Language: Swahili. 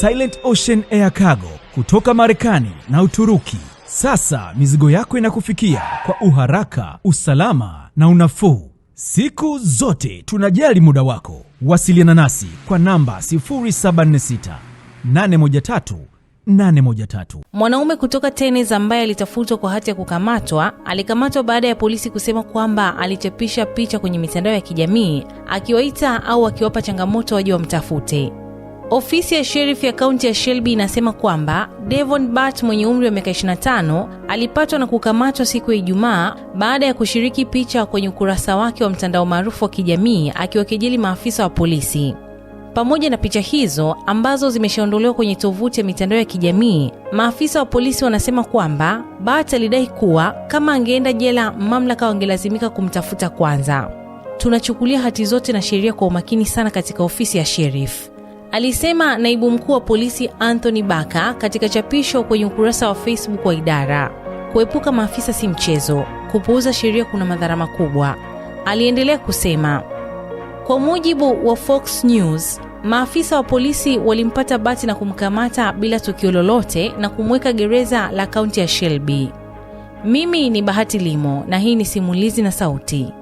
Silent Ocean Air Cargo kutoka Marekani na Uturuki. Sasa mizigo yako inakufikia kwa uharaka, usalama na unafuu. Siku zote tunajali muda wako. Wasiliana nasi kwa namba 076 813 813. Mwanaume kutoka Tennessee ambaye alitafutwa kwa hati ya kukamatwa alikamatwa baada ya polisi kusema kwamba alichapisha picha kwenye mitandao ya kijamii akiwaita au akiwapa changamoto waje wamtafute. Ofisi ya sherifu ya kaunti ya Shelby inasema kwamba Devon Bart mwenye umri wa miaka 25 alipatwa na kukamatwa siku ya Ijumaa baada ya kushiriki picha kwenye ukurasa wake wa mtandao maarufu wa kijamii akiwakejeli maafisa wa polisi. Pamoja na picha hizo ambazo zimeshaondolewa kwenye tovuti ya mitandao ya kijamii, maafisa wa polisi wanasema kwamba Bart alidai kuwa kama angeenda jela, mamlaka wangelazimika kumtafuta kwanza. Tunachukulia hati zote na sheria kwa umakini sana katika ofisi ya sherifu alisema naibu mkuu wa polisi Anthony Baka katika chapisho kwenye ukurasa wa Facebook wa idara. Kuepuka maafisa si mchezo, kupuuza sheria kuna madhara makubwa, aliendelea kusema. Kwa mujibu wa Fox News, maafisa wa polisi walimpata Bati na kumkamata bila tukio lolote na kumweka gereza la kaunti ya Shelby. Mimi ni Bahati Limo na hii ni Simulizi na Sauti.